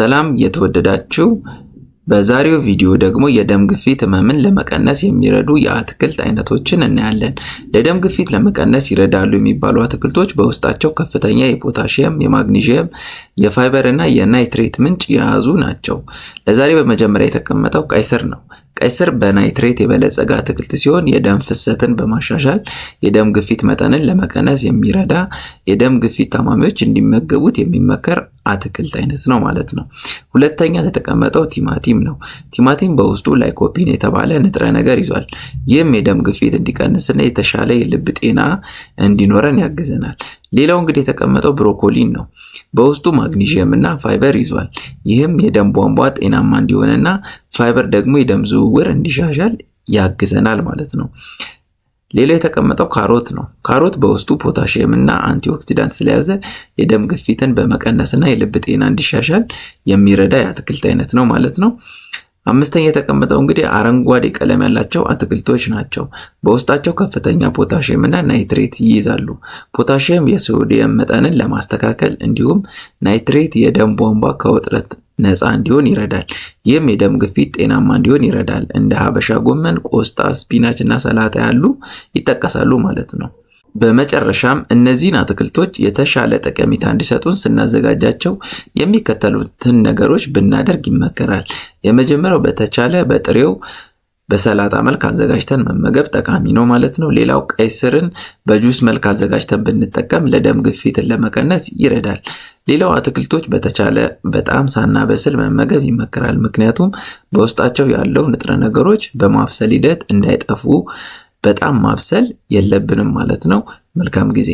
ሰላም የተወደዳችሁ፣ በዛሬው ቪዲዮ ደግሞ የደም ግፊት ህመምን ለመቀነስ የሚረዱ የአትክልት አይነቶችን እናያለን። ለደም ግፊት ለመቀነስ ይረዳሉ የሚባሉ አትክልቶች በውስጣቸው ከፍተኛ የፖታሺየም፣ የማግኒዥየም፣ የፋይበር እና የናይትሬት ምንጭ የያዙ ናቸው። ለዛሬ በመጀመሪያ የተቀመጠው ቀይ ስር ነው። ቀይ ስር በናይትሬት የበለጸገ አትክልት ሲሆን የደም ፍሰትን በማሻሻል የደም ግፊት መጠንን ለመቀነስ የሚረዳ የደም ግፊት ታማሚዎች እንዲመገቡት የሚመከር አትክልት አይነት ነው ማለት ነው። ሁለተኛ የተቀመጠው ቲማቲም ነው። ቲማቲም በውስጡ ላይኮፒን የተባለ ንጥረ ነገር ይዟል። ይህም የደም ግፊት እንዲቀንስና የተሻለ የልብ ጤና እንዲኖረን ያግዘናል። ሌላው እንግዲህ የተቀመጠው ብሮኮሊን ነው። በውስጡ ማግኒዥየም እና ፋይበር ይዟል። ይህም የደም ቧንቧ ጤናማ እንዲሆንና ፋይበር ደግሞ የደም ዝውውር እንዲሻሻል ያግዘናል ማለት ነው። ሌላው የተቀመጠው ካሮት ነው። ካሮት በውስጡ ፖታሽየም እና አንቲኦክሲዳንት ስለያዘ የደም ግፊትን በመቀነስና የልብ ጤና እንዲሻሻል የሚረዳ የአትክልት አይነት ነው ማለት ነው። አምስተኛ የተቀመጠው እንግዲህ አረንጓዴ ቀለም ያላቸው አትክልቶች ናቸው። በውስጣቸው ከፍተኛ ፖታሽየም እና ናይትሬት ይይዛሉ። ፖታሽየም የሶዲየም መጠንን ለማስተካከል እንዲሁም ናይትሬት የደም ቧንቧ ከውጥረት ነፃ እንዲሆን ይረዳል። ይህም የደም ግፊት ጤናማ እንዲሆን ይረዳል። እንደ ሀበሻ ጎመን፣ ቆስጣ፣ ስፒናች እና ሰላጣ ያሉ ይጠቀሳሉ ማለት ነው። በመጨረሻም እነዚህን አትክልቶች የተሻለ ጠቀሜታ እንዲሰጡን ስናዘጋጃቸው የሚከተሉትን ነገሮች ብናደርግ ይመከራል። የመጀመሪያው በተቻለ በጥሬው በሰላጣ መልክ አዘጋጅተን መመገብ ጠቃሚ ነው ማለት ነው። ሌላው ቀይ ስርን በጁስ መልክ አዘጋጅተን ብንጠቀም ለደም ግፊትን ለመቀነስ ይረዳል። ሌላው አትክልቶች በተቻለ በጣም ሳናበስል መመገብ ይመከራል። ምክንያቱም በውስጣቸው ያለው ንጥረ ነገሮች በማብሰል ሂደት እንዳይጠፉ በጣም ማብሰል የለብንም ማለት ነው። መልካም ጊዜ